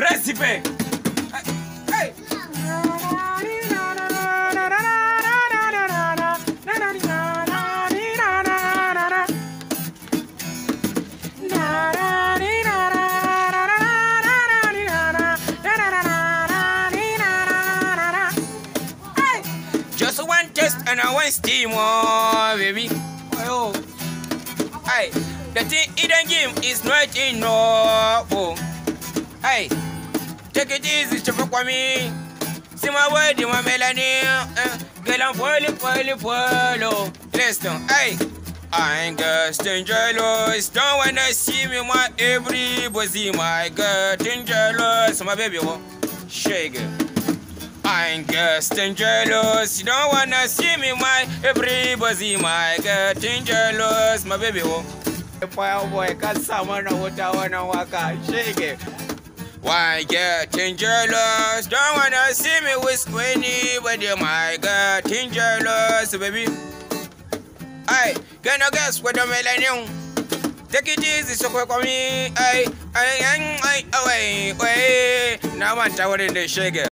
recipe. Hey. Just one test and I want steam, oh baby. Oh, Hey, the thing in the game is not enough. Oh. Hey. Take it easy, chop for me. See my word, you want melody. Girl, é, I'm falling, falling, falling. Oh. Listen, hey. I ain't got jealous. Don't wanna see me, my everybody. My girl, jealous. My baby, what? Oh, shake it. I'm getting jealous. You don't wanna see me, my everybody, my getting jealous, my baby. Oh. Boy, boy, can someone know what I wanna walk out? Shake it. Why getting jealous? Don't wanna see me with squinty, but you might get jealous, baby. Hey, can you guess what I'm melanie? Take it easy, so quick for me. Hey, hey, hey, hey, away, hey. Now I'm tired of the sugar.